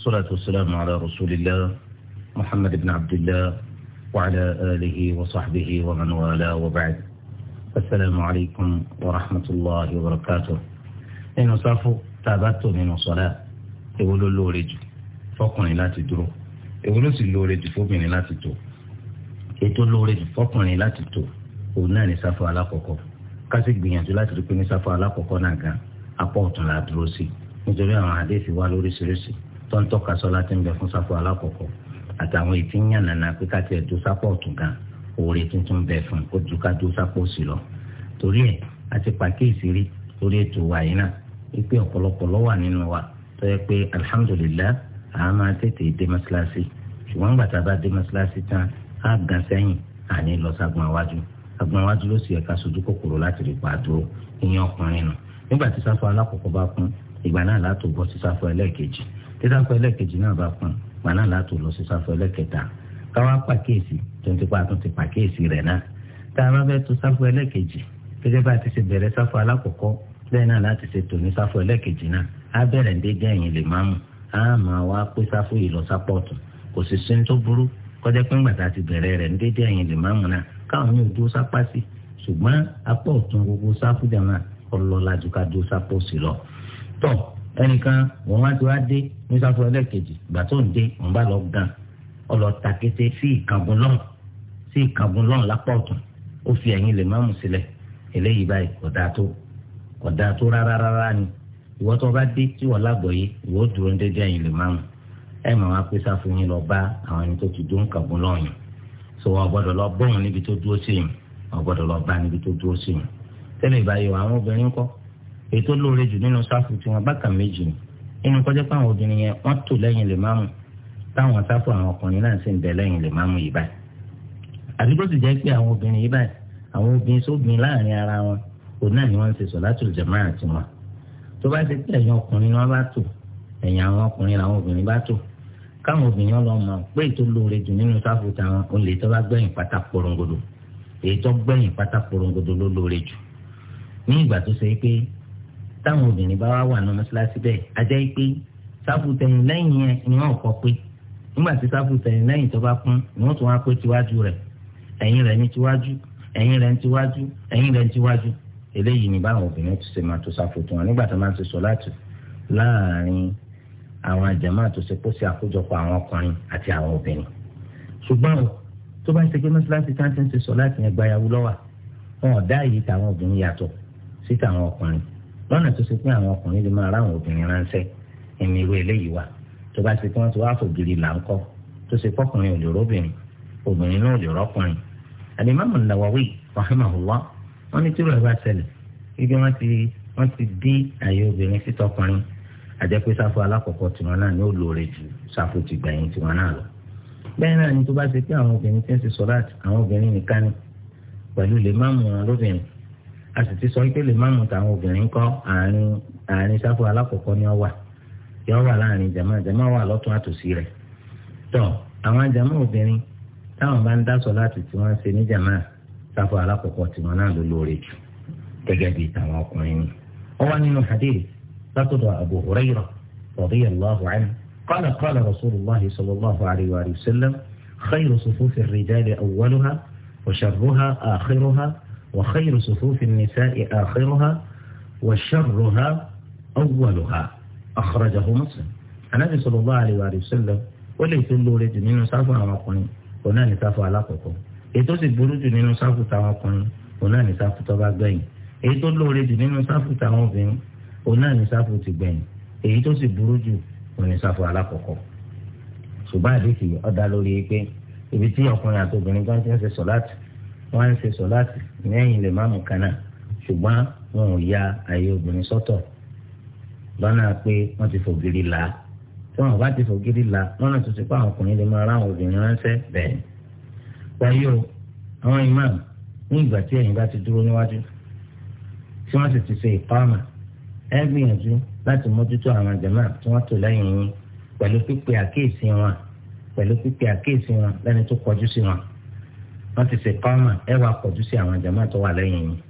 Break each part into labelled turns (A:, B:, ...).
A: والصلاة والسلام على رسول الله محمد بن عبد الله وعلى آله وصحبه ومن والاه وبعد السلام عليكم ورحمة الله وبركاته إن صافو تابت من صلاة يقول لورج فقني لا تدرو يقول سلورج فقني لا تدرو يقول lóore fọkùnrin لا tò òun náà على sáfù alákọ̀ọ́kọ́ kásì gbìyànjú láti rí pé ní sáfù alákọ̀ọ́kọ́ náà gan apá ọ̀tún la dúró sí nítorí tó ń tọ́ka sọ́lá tí ń bẹ fún sáfù alákọ̀ọ́kọ́ àtàwọn ètí ń yàn nànà pé káti ẹ̀ dó sápò ọ̀tún gan oore tuntun bẹ fún ó ju ká dó sápò sí lọ torí ẹ̀ a ti pàkíyèsí rí lórí ètò wa yìí náà wípé ọ̀pọ̀lọpọ̀ ló wà nínú wa tó yẹ pé alihamudulilayi à máa tètè dé mọ́sálásí ṣùgbọ́n gbàtà bá dé mọ́sálásí tán á gan sẹ́yìn àní lọ sagbọn iwájú sagbọn iwájú ló sì yẹ ká sojú kòkòrò láti rí pàdó ìyẹn ọkùnrin nù nígbà tí sáfù alákọ̀ọ́kọ́ bá kún ìgbà náà látò bọ́ sí sáfù ẹlẹ́ẹ̀kejì tí sáfù ẹlẹ́kejì náà bá pọn gbaná láti lọ sí sáfù ẹlẹ́kẹta káwá pàkíyèsí tó ń tipa tó ń ti pàkíyèsí rẹ̀ náà tá a bá fẹ́ tó sáfù ẹlẹ́kejì gẹ́gẹ́ bá a ti ṣe bẹ̀rẹ̀ sáfù alákọ̀ọ́kọ́ bẹ́ẹ̀ náà láti ṣe tò ní náà á bẹ̀rẹ̀ lè máa wá pé yìí lọ sápọ̀tù kò sì sí tó burú kọjá pé ńgbà ti bẹ̀rẹ̀ rẹ̀ lè náà káwọn yóò dúró sápá sí ṣùgbọ́n apọ̀ ọ̀tún gbogbo ẹnìkan òun wá ti wá dé ní sáfù ẹlẹ́ẹ̀kejì ìgbà tó ń dé òun bá lọ gan ọ lọ ta kété sí ìkàngun lọ́n sí ìkàngun lọ́n lápá ọ̀tún ó fi ẹ̀yìn lè máàmù sílẹ̀ eléyìí báyìí kò dáa tó kò dáa tó rárá rárá ni ìwọ́ tó bá dé tí wọ́n lágbọ̀ọ́yé ìwọ́ dúró ń dédé ẹ̀yìn lè máàmù ẹ̀ máa wá pé sáfù yín lọ bá àwọn ẹni tó ti dún ìkàngun lọ́n yìí so wọn gbọ́dọ̀ lọ bọ́ọ̀n níbi tó dúró sí èyí tó lóore jù nínú sáfù tí wọn bákan méjì ni nínú kọjá pé àwọn obìnrin yẹn wọn tò lẹ́yìn lè máàmù táwọn sáfù àwọn ọkùnrin náà sì ń bẹ lẹ́yìn lè máàmù yìí báyìí àbí sì jẹ́ pé àwọn obìnrin yìí báyìí àwọn obìnrin sóbìnrin láàrin ara wọn òun náà ni wọ́n ń ṣe sọ̀látùl jàmáà tiwọn tó bá ti pé ẹ̀yìn ọkùnrin ni wọ́n bá tò ẹ̀yìn àwọn ọkùnrin làwọn obìnrin bá tò káwọn obìnrin lọ mọ̀ pé ètò lóore jù nínú sáfù táwọn olè tó bá gbẹ̀yìn pátá porongodo èyí ní ìgbà tó ṣe pé táwọn obìnrin bá wà wà nù mọ́ṣáláṣí bẹ́ẹ̀ ajẹ́ pé sáfù tẹ̀yìn lẹ́yìn yẹn ni wọ́n kọ́ pé nígbà tí sáfù tẹ̀yìn lẹ́yìn tó bá kún ni wọ́n tún wá pé tiwájú rẹ̀ ẹ̀yìn rẹ̀ ní tiwájú ẹ̀yìn rẹ̀ ní tiwájú ẹ̀yìn rẹ̀ ní tiwájú eléyìí ni báwọn obìnrin ti ṣe máa tó sáfù tó wọn nígbà tó máa ń ṣe sọ̀láàtù láàárín àwọn àjàmá tó ṣe kó sí àkójọpọ̀ àwọn ọkùnrin àti àwọn obìnrin ṣùgbọ́n tó bá ṣe pé mọ́ṣáláṣí tá à ń ṣe sọ̀láàtù yẹn gbayàwó lọ́wà wọn ò dá èyí táwọn obìnrin yàtọ̀ sí táwọn ọkùnrin lọ́nà tó ṣe pé àwọn ọkùnrin lè máa ráwọn obìnrin ránṣẹ́ ẹni irú eléyìí wà tó bá ti pé wọ́n ti wá fògiri là ń kọ́ tó ṣe pọ́kùnrin ò lè róbìnrin obìnrin náà ò lè rọ́kùnrin. Al-Imam An-Nawawi rahimahullah wọ́n ní tírò ẹ̀ bá ṣẹlẹ̀ ibi wọ́n ti wọ́n ti dín àyè obìnrin sí tọkùnrin àjẹpé sáfù alákọ̀ọ́kọ́ tiwọn náà ní olóore ju sáfù tìgbẹ̀yìn tiwọn náà lọ. bẹ́ẹ̀ náà ni tó bá ṣe pé àwọn obìnrin tí ń ṣe sọ́láàtì àwọn obìnrin nìkan ni pẹ̀lú lè má mú wọn lóbìnrin a sì ti sọ pé lè máàmù táwọn obìnrin kọ́ àárín àárín sáfù alákọ̀ọ́kọ́ ni ọ wà yọ wà láàrin jama jama wà lọ́tún àtòsí rẹ̀ tọ́ àwọn jama obìnrin táwọn bá ń dá láti tí wọ́n ń ṣe ní jama sáfù alákọ̀ọ́kọ́ tiwọn náà ló lóore jù gẹ́gẹ́ bíi tàwọn ọkùnrin ni. ó wá nínú hadith látọ̀dọ̀ Abu Hurairah radiyallahu anhu قال قال رسول الله صلى الله عليه وآله وسلم خير صفوف الرجال أولها وشرها وخير صفوف النساء آخرها وشرها أولها أخرجه مسلم النبي صلى الله عليه وآله وسلم وليس اللولي جنين صافو على قنين ونالي صافو على قنين ètò sì burú jù nínú sáfù táwọn ọkùnrin òun náà ní sáfù tó bá gbẹ̀yìn èyí tó lóore jù nínú sáfù táwọn obìnrin òun náà ní sáfù ti gbẹ̀yìn èyí tó sì burú jù òun ní sáfù alákọ̀ọ́kọ́. ṣùgbọ́n àdéhùn ọ̀dà lórí pé ibi tí ọkùnrin àti obìnrin gan ti ń ṣe sọ̀láàtì wọ́n á ń ṣe sọ láti lẹ́yìn lè má kan náà ṣùgbọ́n wọn ò ya àyè obìnrin sọ́tọ̀ lọ́nà pé wọ́n ti fògiri là á tí wọn bá ti fògiri là á lọ́nà tó ti pa àwọn ọkùnrin lè máa ráwọn obìnrin ránṣẹ́ bẹ́ẹ̀. wáyé o àwọn imam ní ìgbà tí ẹ̀yin bá ti dúró níwájú tí wọ́n sì ti ṣe ìpamọ́ ẹ gbìyànjú láti mójútó àwọn jàmáà tí wọ́n tò lẹ́yìn yín pẹ̀lú pípe àkíyèsí wọn pẹ̀lú pípe àkíyèsí wọn lẹ́ni tó kọjú sí wọn wọ́n ti ṣe kọ́mà ẹ wàá kọjú sí àwọn jama tó wà lẹ́yìn yìí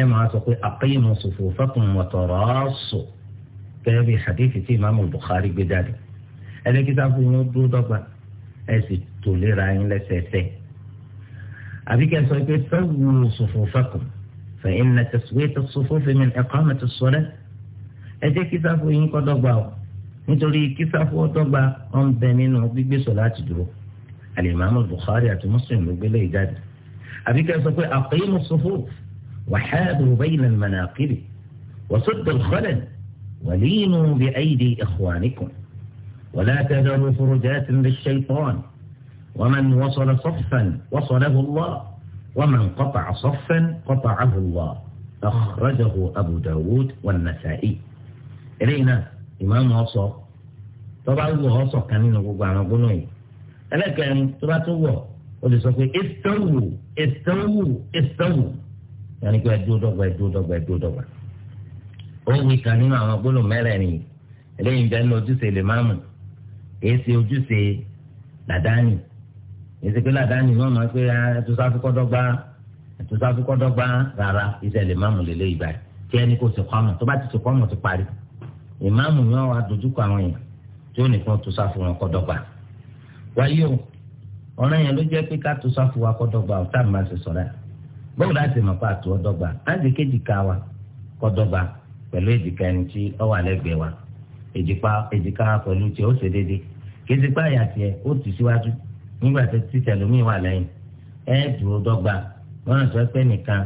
A: ẹ máa sọ pé aqimu sufufakum wa tarasu gẹ́gẹ́ bí hadithi tí imaamu Bukhari gbé jáde ẹlẹ́kìtà fún yín dúró dọ́gba ẹ sì tò léra yín lẹ́sẹẹsẹ àbí kẹ́ ẹ sọ pé sawwu sufufakum fa inna taswiyata as-sufufi min iqamati as-salah ẹ jẹ́ kíta yín kọ́ dọ́gba o nítorí kíta ọ الإمام البخاري المسلم يقول لي جاد أبيك أسفل اقيموا الصفوف وحادوا بين المناقب وصد الخلل ولينوا بأيدي إخوانكم ولا تذروا فرجات للشيطان ومن وصل صفا وصله الله ومن قطع صفا قطعه الله أخرجه أبو داود والنسائي إلينا إمام وصف طبعا الله وصف كان نقول عن أبو ẹlẹ́kẹ̀rin tó bá tún wọ̀ o lè sọ pé ìtọ́wù ìtọ́wù ìtọ́wù yẹn ni pé ẹdúró dọ́gba ẹdúró dọ́gba ẹdúró dọ́gba. ó wí kan nínú àwọn gbólóhùn mẹ́rẹ̀ẹ̀rin eléyìí bẹ́ẹ̀ ní ojúṣe lè máa mú èyí ṣe ojúṣe làdáni èyí ṣe pé làdáni wọn máa pé ah, ẹtùsáfíkọ́ dọ́gba ẹtùsáfíkọ́ dọ́gba rárá iṣẹ́ lè máa mú lélẹ́yìí báyìí kí ẹni kò sì kọ́mọ̀ tó wáyé o ọ̀ràn yẹn ló jẹ́ pé ká tó sáfù wa kọ́ dọ́gba ọ̀tá mi máa ṣe sọ̀rọ̀ yà bóun láti mọ̀ wa kọ́ dọ́gba pẹ̀lú èjìká ẹni tí ó wà lẹ́gbẹ̀ẹ́ wa èjìká èjìká pẹ̀lú tiẹ̀ ó ṣe déédé àyà tiẹ̀ ó síwájú nígbà wà lẹ́yìn dúró dọ́gba nìkan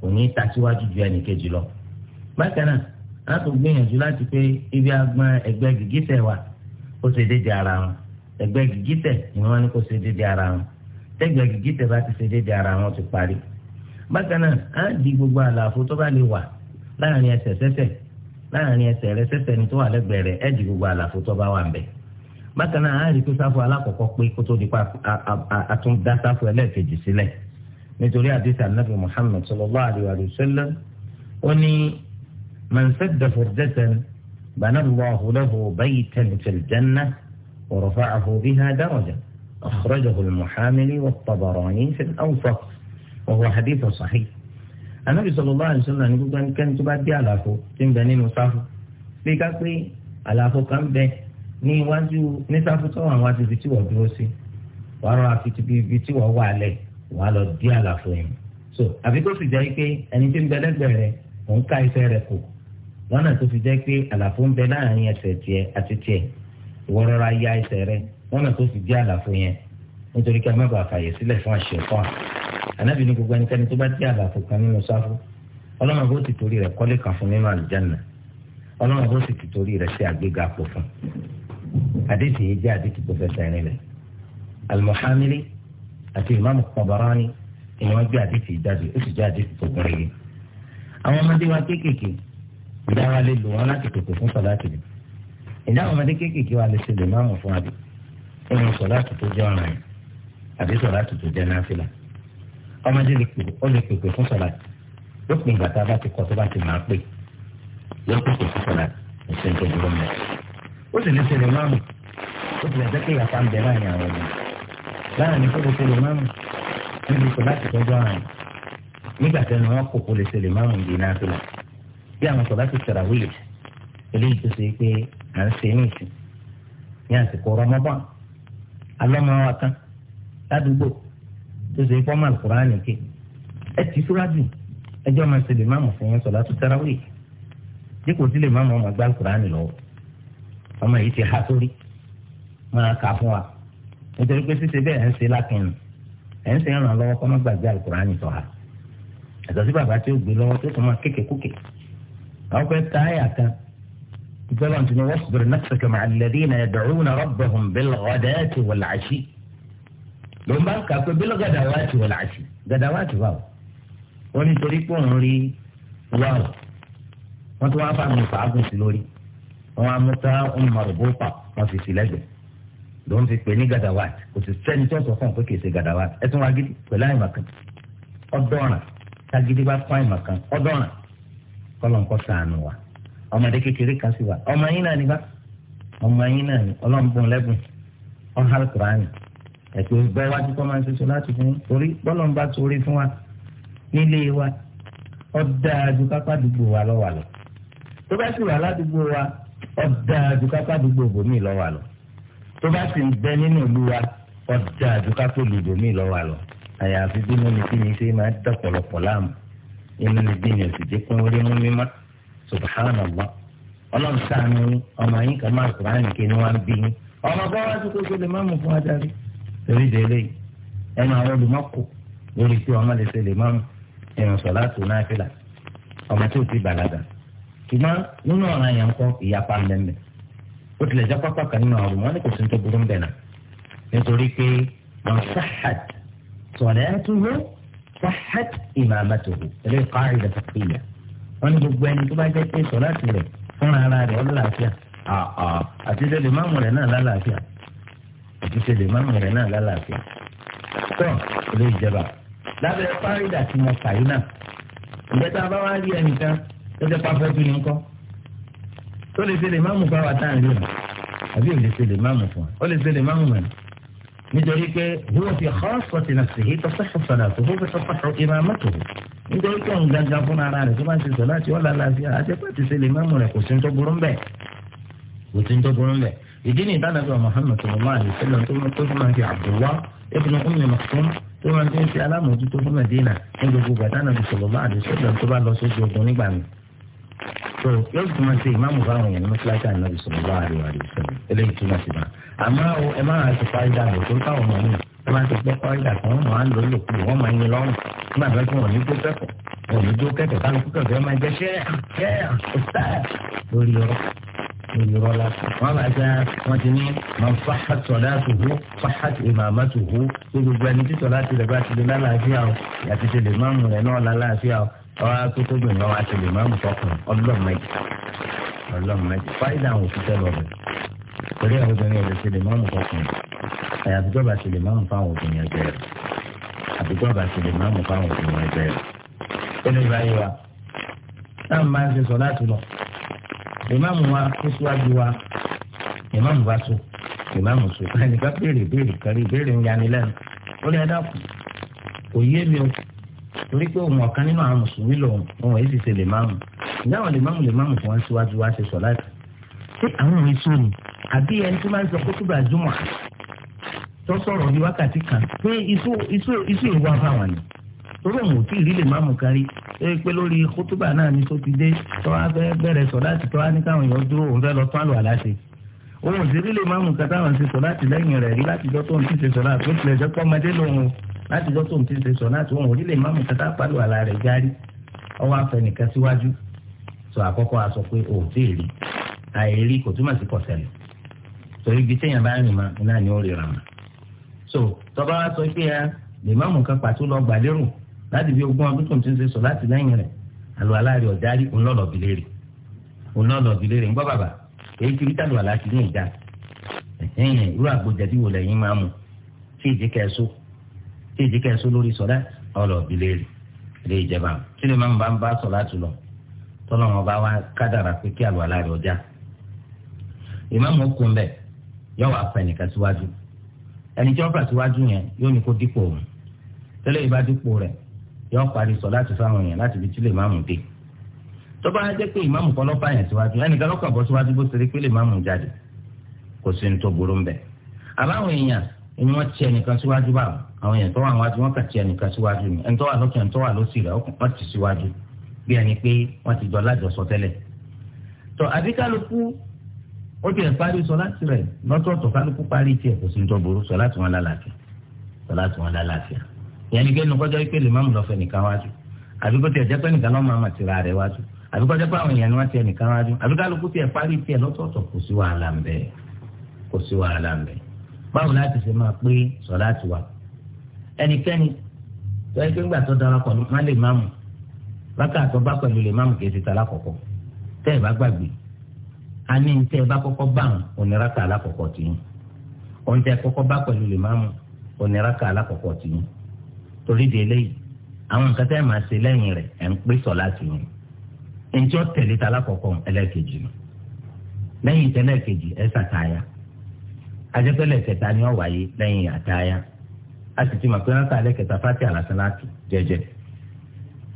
A: kò ní ta síwájú ju ẹnì kejì lọ. bákan náà ẹgbẹ́ gígítẹ̀ ni wọ́n ní kó ṣe déédéé ara wọn tẹ́gbẹ́ gígítẹ̀ bá ti ṣe déédéé ara wọn ti parí. bákan náà á di gbogbo àlàfo tó bá lè wà láàrin ẹsẹ̀ sẹ́sẹ̀ láàrin ẹsẹ̀ rẹ sẹ́sẹ̀ ni tó wà lẹ́gbẹ̀ẹ́ rẹ ẹ̀ di gbogbo àlàfo tó bá wà ń bẹ̀. bákan náà á rí pé sáfù alákọ̀ọ́kọ́ pé kó tó di pa àtúndá sáfù ẹlẹ́ẹ̀kejì sílẹ̀ nítorí àdìsí anábì ورفعه بها درجة أخرجه المحامل والطبراني في الأوسط وهو حديث صحيح النبي صلى الله عليه وسلم يقول أن كانت بعد على تنبني نصافه bí ká pé àlàfo kan bẹ ní iwájú nísàfù tó wà wájú ibi tí wọ́n dúró sí wàá rọ àfitì bí ibi tí wọ́n wà lẹ̀ wàá lọ dí àlàfo yẹn so àfi tó fi jẹ́ pé ẹni tí ń bẹ lẹ́gbẹ̀ẹ́ rẹ̀ òun ká iṣẹ́ rẹ̀ kù lọ́nà tó fi jẹ́ pé àlàfo ń bẹ láàrin ẹsẹ̀ tiẹ̀ àti tiẹ̀ ìwọ rọra ya ẹsẹ̀ rẹ lọ́nà tó sì jẹ́ àlàfo yẹn nítorí kí a má bàa fàyè sílẹ̀ fún àṣẹ fún à ànábì ní gbogbo ẹnikẹ́ni tó bá jẹ́ àlàfo kan nínú sáfù ọlọ́run bó ti torí rẹ̀ kọ́lé kan fún nínú àlùjáná ọlọ́run bó sì ti torí rẹ̀ ṣe àgbéga pò fún àdéhìí yìí jẹ́ àdéhìí tó fẹsẹ̀ rìn lẹ̀ alimuhamili àti ìmáàmù kọbarani ni wọ́n gbé àdéhìí jáde ó sì jẹ́ àdéhìí tó gbọ́n ìjà àwọn ọmọdé kéékèèké wa lè ṣe lè máàmù fún àbí nínú sọlá tuntun jẹ ọ̀ràn yìí àbí sọlá tuntun jẹ náfìlà ọmọdé lè pè ó lè pèpè fún sọlá lópin ìgbà tá a bá ti kọ tó bá ti máa pè yóò pèpè fún sọlá ìṣe ń tọ́jú lọ́mọ ó sì lè ṣe lè máàmù ó ti lè jẹ́ pé ìyàtọ̀ ń bẹ láàrin àwọn ọmọ láàrin kó lè ṣe lè máàmù níbi sọlá tuntun jẹ ọ̀ràn yìí nígbà tẹnu wọn kò kó lè ṣe lè máàmù yìí náfìlà bí àwọn sọlá ti tẹ̀ra wíyèsí eléyìí tó ṣe pé à ń ṣe ní ìsìn ní àsìkò rọmọbọn alọmọ wa kan ládùúgbò tó ṣe pé ọmọ àlùkùrá nìké ẹ ti fúra jù ẹjọ́ máa ṣe lè má mọ̀ fún yẹn sọ̀lá tó tẹ́ra wíì dípò tí lè má mọ̀ ọmọ gbá àlùkùrá nì lọ́wọ́ ọmọ yìí ti há sórí máa kà fún wa nítorí pé ṣíṣe bẹ́ẹ̀ ń ṣe lákìnnù ẹ̀ ń ṣe ràn lọ́wọ́ kọ́ gbàgbé àlùkùrá nì sọ̀hà àtọ̀sí bàbá tí ó gbé lọ́wọ́ tó tún máa kéèké kúkè àwọn fẹ́ táyà kan ìjọba tí ni wasbir nafsaka ma'a alladhina yad'una rabbahum bilghadati wal 'ashi ló ń bá kà pé bilghadawati wal 'ashi gàdáwàtì wà wọ́n nítorí pé òun rí wáwò wọ́n tún wáá bá mi fàágùn sí lórí wọ́n á mú tá ń mọ̀rọ̀bó pa wọ́n fi sí lẹ́gbẹ̀ẹ́ ló ń fi pè ní gàdáwàtì kò sì sẹ́ni tó sọ fún un pé kì í ṣe gàdáwàtì ẹ tún wá gidi pẹ̀lú àìmọ̀kan ọ̀dọ́ràn tágídí bá fún àìmọ̀kan ọ̀dọ́ràn kọ́lọ́ńkọ́ sànù wa ọmọdé kékeré kan sì wà ọmọ yín náà ni. bá ọmọ yín náà ní ọlọ́mbọ̀n lẹ́bùn ọ̀hán kùránì ẹ̀pẹ́ gbọ́ wájú kọ́ máa ń ṣiṣẹ́ láti fún orí bọ́lọ̀ ń bá torí fún wa nílé wa ọ̀dà àdúgbàpá àdúgbò wa lọ́wọ́ àlọ́ tó bá sì wà ládùúgbò wa ọ̀dà àdúgbàpá àdúgbò bòmí lọ́wọ́ àlọ́ tó bá sì ń bẹ nínú ìlú wa ọ̀dà àdúgbàpá olùdòmí lọ́wọ́ àlọ́ àyàfi bínú ni ni ṣe máa dọ̀pọ̀lọpọ̀ láàmú inú subhanallah ọlọ́run sáànù ọmọ yín kan máa kúrò àyìn kí ni wọ́n bí yín ọmọ bá wá sí kó ṣe lè má mú fún adarí torí délé ẹnu àwọn olùmọ́kù lórí pé ọmọ lè ṣe lè má mú ẹ̀yàn sọ̀ láti náfìlà ọmọ tí ò ti bàlágà ṣùgbọ́n nínú ọ̀ràn àyàn kọ́ ìyapa lẹ́mẹ̀ ó tilẹ̀ jẹ́ pápá kan nínú àwọn wọn ni kò sí tó burú bẹ̀ nítorí pé wọn sáhàd sọ̀rẹ́ tó wọ́n sáhàd ìmàmàtò wọ́n ní gbogbo ẹni tó bá jẹ́ pé sọ láti rẹ̀ fúnra ara rẹ̀ ọ́ lálàáfíà àti ṣe lè máàmù rẹ̀ náà lálàáfíà àti ṣe lè máàmù rẹ̀ náà lálàáfíà tó ilé ìjọba lábẹ́ fárídà tí mo fà yín náà ìjẹ́ tá a bá wá rí ẹnìkan tó jẹ́ pàfẹ́ bí ní kọ́ tó lè ṣe lè máàmù fún wa táà ń rí o àbí ò lè ṣe lè máàmù fún wa ó lè ṣe lè máàmù mọ̀ nítorí pé wọ́n fi xọ́ọ̀sì náà sì nítorí kí òun gangan fún ara rẹ̀ tó bá ṣe sọ láti ọ̀la láti àtẹ́pẹ́ ti ṣe lè mẹ́mú rẹ̀ kò sí ń tó burú bẹ́ẹ̀ kò sí ń tó burú bẹ́ẹ̀ ìdí ni ìdánilẹ́gbẹ̀ẹ́ Muhammad sallallahu alayhi wa sallam tó máa tó máa fi Abdullah ibn Umm Maktum tó máa fi ń ṣe alámòjútó fún Medina ní gbogbo bàtà nàbì sallallahu alayhi wa sallam tó bá lọ sójú ogun nígbà mi. tó yóò tún máa ṣe ìmáàmù báwọn èèyàn ní fúláṣà nàbì sallallahu alayhi wa sallam eléyìí tún máa ṣe bá. àmọ́ ẹ máa ṣe fáyidà lò tó káwọn mọ̀ ní ẹ máa ṣe fáyidà kan wọ́n máa ń lò lòkulò wọ́n máa ń yin lọ́rùn bàbá tí wọ́n ní tó kẹ́kọ̀ọ́ wọ́n ní tó kẹ́kọ̀ọ́ kálukú kẹ̀kẹ́ máa jẹ́ ṣẹ́yà ṣẹ́yà ṣẹ́yà lórí ọ̀rọ̀ lórí ọ̀rọ̀ la wọ́n bá ṣe wọ́n ti ní máa fàá sọ̀dá tòwó fàá ìmàmá tòwó tó gbogbo ẹni tí sọ̀dá ti dàgbà ti lè lálàáfíà o àti ti lè máàmù rẹ̀ náà lálàáfíà o ọ̀rọ̀ akótó gbìn lọ́wọ́ àti lè máàmù tọkùn ọlọ́mọdé ọlọ́mọdé àbíkú àbàtìlẹ̀ máa mú fáwọn òfin wọn ẹgbẹ́ rẹ̀. ẹni báyìí wa táwọn máa ń ṣe sọ láti lọ ìmáàmù wa kó síwájú wa ìmáàmù bá so ìmáàmù so ẹnìkan béèrè béèrè kan rí béèrè ń yani lẹ́nu ó lè dá kù kò yé mi o torí pé òun ọ̀kan nínú àwọn mùsùlùmí lòun òun èyí sì ṣe lè máàmù ìyá àwọn lè máàmù lè máàmù tí wọ́n síwájú wa ṣe sọ láti. ṣé àwọn èso ni àbí ẹni tó máa ń tó sọ̀rọ̀ ní wákàtí kan pé iṣu ìwà fáwọn ni torí òun ò tí ì rí lè máàmù kárí ẹ pé lórí kótóbà náà ni tó ti dé tó wá fẹ́ bẹ̀rẹ̀ sọ láti tó wá ní káwọn èèyàn dúró òun fẹ́ lọ tó àlọ́ àláṣẹ òun ò sí rí lè máàmù kátà wọn ti sọ láti lẹ́yìn rẹ̀ rí látijọ́ tó ń ti ṣe sọ láti ó tilẹ̀ jẹ́ pọ́ ọmọdé lòun o látijọ́ tó ń ti ṣe sọ láti òun ò rí lè máàmù kátà pàlọ́ àlá rẹ̀ járí ọwọ́ afẹnìkan síwájú sọ àkọ́kọ́ a pé ò tí rí àìrí kò túmọ̀ sí kọ̀sẹ̀lẹ̀ torí ibi téèyàn bá rìn mọ́ iná ni ó rí ra mọ́ so tọ́ba wa sọ pé ẹ lè má mú kan pàtó lọ gbàlérò láti fi ogún ọdún tó ń ti ṣe sọ láti lẹ́yìn rẹ̀ àlọ́ aláàrẹ̀ ọ̀dárí ńlọ́lọ́bìlẹ̀ rẹ̀ ńlọ́lọ́bìlẹ̀ rẹ̀ ńgbọ́ bàbá èyí ti rí tàlù àlá ti ní ìjà ẹ̀yìn irú àgbòjẹ̀dí wo lẹ́yìn máa mú tí ìdí kẹ́ẹ̀só tí ìdí kẹ́ẹ̀só lórí sọ̀dá ọlọ́ọ̀bìlẹ̀ rẹ̀ lè ìjẹba tí lè máa ń bá ń bá sọ̀ láti lọ tọ́lọ́ wọn bá wá kádàrà pé kí àlọ́ aláàrẹ̀ ọjà ìmáàmù kún ẹni tí wọn fà síwájú yẹn yóò ní kó dípò òun tẹ́lẹ̀ ìbá dípò rẹ̀ yóò parí sọ láti fáwọn yẹn láti fi tí lè máàmù dé tó bá jẹ́ pé ìmáàmù kan lọ́pàá yẹn síwájú ẹnìkan lọ́kàn bọ́ síwájú bó ṣeré pé lè máàmù jáde kò sí ní tó burú ń àbáwọn èèyàn ni wọ́n ti ẹnìkan síwájú báwọn àwọn èèyàn tó wà wájú wọ́n kà ti ẹnìkan síwájú ni ẹni tó wà lókè ẹni tó wà lósì rẹ̀ wọ́n ti síwájú bí ẹni pé wọ́n ti jọ lájọsọ tó àbíkálukú ó tiẹ̀ parí sọ láti rẹ̀ lọ́tọ̀ọ̀tọ̀ kálukú parí tiẹ̀ kò sí ń tọ́burú sọ láti wọn lálàáfíà sọ láti wọn lálàáfíà ìyẹn ni kẹ́ni kọjá pé lèmọ́mù lọ́fẹ̀ẹ́ nìkan wájú àbí kó tiẹ̀ jẹ́ pé nìkan lọ́mọ àmà tìra rẹ̀ wájú àbí kọjá pé àwọn èèyàn ni wọ́n tiẹ̀ nìkan wájú àbí kálukú tiẹ̀ parí tiẹ̀ lọ́tọ̀ọ̀tọ̀ kò sí wàhálà ń bẹ kò sí wàhálà ń bẹ báwo láti ṣe máa pé sọ láti wà ẹnikẹ́ni tó yẹ ani ní ní tẹ́ ẹ bá kọ́kọ́ bá wọn oníraka alákọ̀ọ́kọ́ tì yín ohun tẹ́ ẹ kọ́kọ́ bá pẹ̀lú lè máa mú oníraka alákọ̀ọ́kọ́ tì yín torí de eléyìí àwọn nǹkan tẹ́ ẹ máa ṣe lẹ́yìn rẹ̀ ẹ̀ ń pè sọ láti yín ẹnjẹ́ tẹ̀lé ta alákọ̀ọ́kọ́ ẹlẹ́ẹ̀kejì nù lẹ́yìn tẹ́lẹ̀kejì ẹ sàtáyà ajẹ́pẹ́lẹ̀ kẹta ni ó wáyé lẹ́yìn àtáyà a sì pé rántà alẹ́ fati àlàsán láti jẹ́jẹ́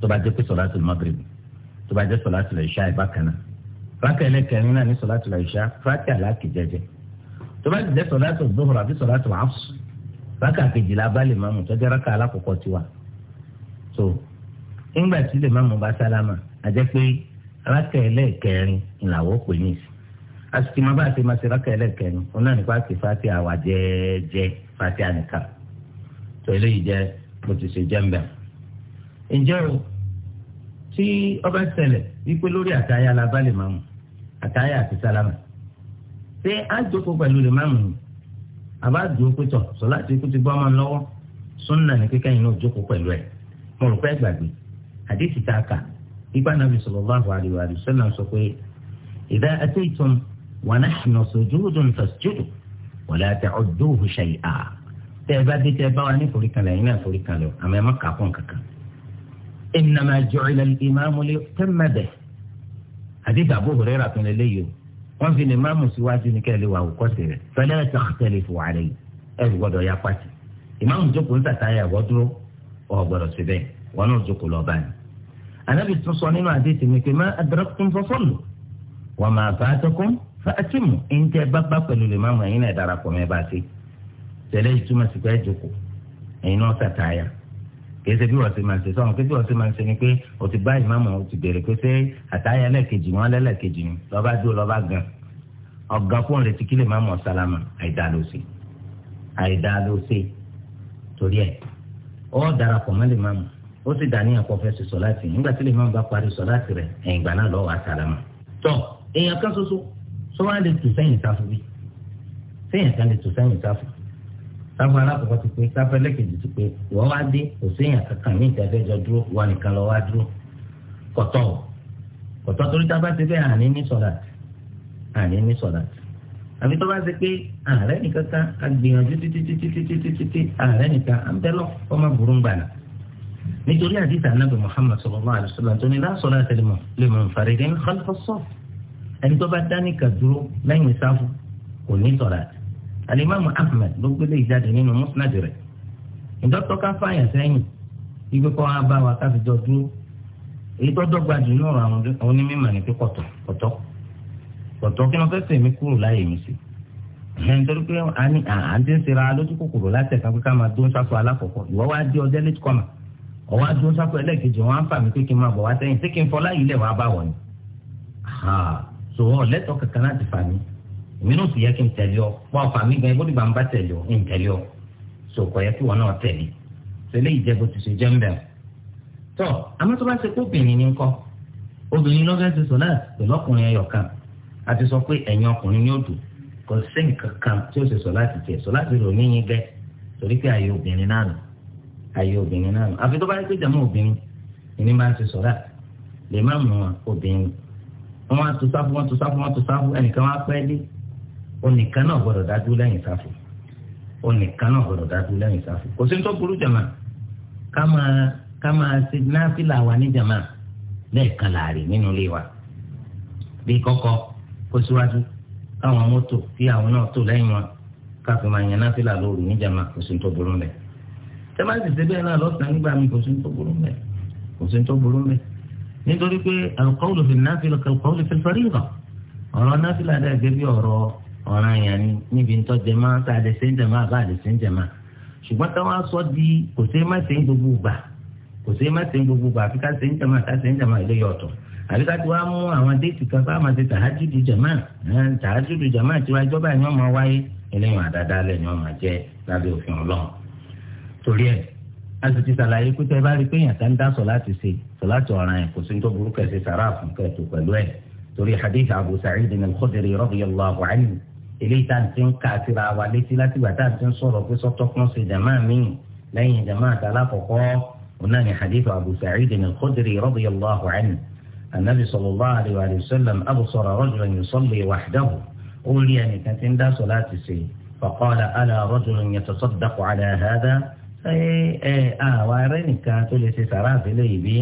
A: tó bá jẹ́ pé sọ̀látùl Maghrib tó bá jẹ́ sọ̀látùl Ìṣá e bákan náà rákẹ́lẹ́ kẹrin náà ní sọ̀láàtù ìṣá rákẹ́ àláàkì jẹjẹ tó bá jẹ́ sọ̀láàtù zuhur àbí sọ̀láàtù asr rákẹ́ àkejìlá bá lè tọ́jú rákẹ́ alákọ̀ọ́kọ́ ńgbà tí bá sálámà àjẹ́ pé ìlàwọ́ pè ní ìsìn ma bá a ti ma ṣe rákẹ́lẹ́ kẹrin òun náà nípa ti fati àwa jẹ́ẹ́jẹ́ fati àníkà tó eléyìí tí ọba ṣẹlẹ̀ wípé lórí àtàyà la bá lè máa mú àtàyà àti sálámà ṣé á jókòó pẹ̀lú lè máa mú ni àbá dùn pé tọ̀ sọ láti ikú ti bọ́ ọmọ lọ́wọ́ súnà ní kíkẹ́ yìí náà jókòó pẹ̀lú ẹ̀ mo rò pé gbàgbé àdéhìí ta kà ipá nàbì sallallahu alaihi wa sallam sọ pé idha ataytum wa nahnu sujudun fasjudu wa la ta'udduhu shay'a tẹ́ ẹ bá dé tẹ́ ẹ bá wa ní foríkalẹ̀ yìí náà foríkalẹ̀ àmọ́ ẹ má kà á pọ̀ kankan innama ju'ila al-imamu liyutamma bihi àdìgbà Abu Hurairah kan lélẹ́yìí o wọ́n fi lè máàmù síwájú ní kẹ́lẹ́ wà òkọ́sì rẹ̀ fala takhtalifu alayhi ẹ̀ gbọ́dọ̀ ya pàtì ìmáàmù jókòó ń tàtàyà wọ́n dúró ọ̀ gbọ́dọ̀ síbẹ̀ wọn náà jókòó lọ́ọ́ báyìí anabi tún sọ nínú àdéhùn mi pé má adraktum fasallu wa ma fatakum fa atimmu ẹnjẹ bábá pẹ̀lú lè má mọ ẹyin náà darapọ̀ mẹ́ bá ti tẹ̀lé ìtumọ̀ sí pé ẹ jókòó ẹ̀yin náà tàtàyà kìí ṣe bí wọ́n ṣe máa ṣe sọ́wọ́n pé bí wọ́n ṣe máa ṣe ni pé o ti bá ìmáàmù o ti bèrè pé ṣé àtàyà lẹ́ẹ̀kejì wọn lẹ́lẹ́kejì ni lọ́ba dúró lọ́ba gan ọ̀gá fún retí kí lè má mọ̀ sálámà àìdá ló ṣe àìdá ló ṣe torí ẹ̀ ó darapọ̀ mọ́ lè má mọ̀ ó sì dà ní àkọ́fẹ́ ṣe sọ láti nígbà tí lè má bá parí sọ láti rẹ̀ ẹ̀yìn gbà náà lọ́wọ́ àsálámà tọ́ sáfù alákọ̀ọ́kọ́ ti pé sáfù ẹlẹ́kẹ̀jì ti pé ìwọ wá dé kò séèyàn kankan ní ìtẹ́fẹ́jọ dúró wà nìkan lọ wá dúró kọ̀tọ̀ kọ̀tọ̀ torí tá a bá ti bẹ́ẹ̀ àní ní sọ̀láàtì àní ní sọ̀láàtì àbí tó bá ti pé ààrẹ nìkan kan agbìyànjú títítítítítítí ààrẹ nìkan àbẹ́lọ́ ọmọ burú ń gbàlà nítorí àdìsá anábì Muhammad sallallahu alaihi wasallam tó ní la salata liman faridin khalfa as-saff ẹni tó bá dání kà dúró lẹ́yìn sáfù kò ní sọ̀láàtì alimami ahmed ló gbélé ìjáde nínú musnad rẹ̀ ìdọ́tọ́ ká fààyàn sẹ́yìn ibi kọ́ wa bá wa ká fi jọ dúró èyí tó dọ́gba jù nínú àwọn onímọ̀ ní pé kọ̀tọ̀ kọ̀tọ̀ kọ̀tọ̀ kí wọ́n fẹ́ fèmí kúrò láyè mi sí nítorí pé àní àǹtí ń sera lójú kòkòrò láti ẹ̀ka pé ká máa dún sáfù alákọ̀ọ́kọ́ ìwọ wá dé ọjọ́ létí kọ́mà ọwọ́ dún sáfù ẹlẹ́ẹ̀kejì wọn á fà mí pé kí n máa bọ̀ wá sẹ́yìn sí kí n fọlá yìí lẹ̀ wá bá wọ̀ ni. sòwọ́ lẹ́tọ̀ọ́ kankan láti fà mí èmi náà sì yẹ kí n tẹ̀lé ọ wọn fà mí gan ibodè bá ń bá tẹ̀lé ọ ń tẹ̀lé ọ so kò yẹ kí wọn náà tẹ̀lé tẹ̀lé ìjẹ́bù ti ṣe jẹ́ ń bẹ̀ tọ́ àmọ́ tó bá ṣe kó obìnrin ní kọ́ obìnrin lọ́gẹ́ ti sọ láti pẹ̀lú ọkùnrin ẹyọ kan àti e. sọ pé ẹ̀yin ọkùnrin ní òdù kò sí nǹkan kan tí ó ṣe sọ láti tiẹ̀ sọ láti rò níyìn gẹ́ torí pé ààyè obìnrin náà nù ààyè obìnrin náà nù àfi tó bá yẹ pé jàmọ́ obìnrin ìní máa ń ṣe sọ láti lè má mú obìnrin wọn tún sáfù wọn tún sáfù wọn tún sáfù ẹnìkan wọn á pẹ́ dé onìkan náà gbọ́dọ̀ dájú lẹ́yìn sáfù onìkan náà gbọ́dọ̀ dájú lẹ́yìn sáfù kò sí ní tó burú jàmá ká máa ká máa ṣe náfìlà wa ní jàmá lẹ́ẹ̀kan láàrin nínú ilé wa bí kọ́kọ́ kó síwájú káwọn mọ́tò kí àwọn náà tó lẹ́yìn wọn káfí máa yan náfìlà lóru ní jàmá kò sí ní tó burú mẹ́ tẹ́ bá sì ṣe bẹ́ẹ̀ náà lọ́sàn-án nígbà mi kò sí ní tó burú mẹ́ kò sí ní tó burú mẹ́ nítorí pé alukọ́wùlù ọ̀rọ̀ náfìlà dàgẹ́ bí ọ̀rọ̀ ọ̀ràn yẹn ni níbi ń tọ́jú ẹ̀ máa ń ta àdè sí ń jẹ̀má àbá àdè sí ń jẹ̀má ṣùgbọ́n táwọn aṣọ di kò sí má sí ń gbogbo gbà kò sí má sí ń gbogbo gbà àfi ká sí ń jẹ̀má ká sí ń jẹ̀má ilé yọ̀tọ̀ àbí ká ti wá mú àwọn déètì kan fáwọn àti tàhájúdù jẹ̀má tàhájúdù jẹ̀má tiwa ìjọba ni wọ́n máa wáyé eléyìn àdáadáa lẹ̀ ni wọ́n máa jẹ́ lábẹ́ òfin ọlọ́run torí ẹ̀ a ti ṣàlàyé pé tẹ́ bá rí pé èèyàn kan dá sọ láti ṣe sọ láti ọ̀ràn ẹ̀ eléyìí tá à ń ti ń kà síra wa létí látìgbà tá à ń ti ń sọ̀rọ̀ pé sọ́tọ́kùn ṣe jàmá míì lẹ́yìn jàmá àtàlà kọ̀kọ́ ọ̀nà ni hadith abu sa'id al-khudri radiyallahu anhu anabi sallallahu alayhi wa sallam absara rajulan yusalli wahdahu ó rí ẹnìkan tí ń dá sọ láti ṣe faqala ala rajulun yatasaddaqu ala hadha ṣé ẹ àwa rẹ nìkan tó lè ṣe sàrà àfẹlẹ yìí bí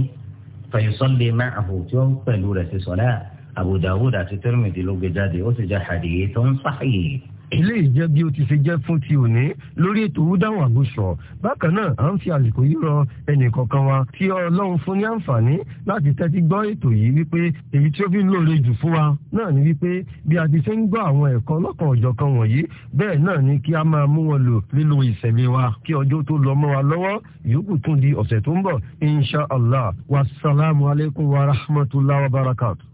A: fayusalli ma'ahu tí ó pẹ̀lú rẹ̀ ṣe sọ̀lá Abu Dawud àti Tirmidhi ló gbé jáde ó sì jẹ́ hadithun sahih ilé ìjẹ́ bí o ti ṣe jẹ́ fún ti òní lórí ètò òwúdáhùn àgùsọ̀ bákan náà à ń fi àsìkò yìí rọ ẹnì kọ̀ọ̀kan wa tí ọlọ́run fún ní àǹfààní láti tẹ́tí gbọ́ ètò yìí wípé èyí tí ó fi ń lóore jù fún wa náà ni wípé bí a ti ṣe ń gbọ́ àwọn ẹ̀kọ́ ọlọ́kan ọ̀jọ̀kan wọ̀nyí bẹ́ẹ̀ náà ni kí a máa mú wọn lò lílo ìṣẹ̀lẹ̀ wa kí ọjọ́ tó lọ mọ́ wa lọ́wọ́ yòókù tún di ọ̀sẹ̀ tó ń bọ̀ insha allah wa rahmatulah wa barakatuh.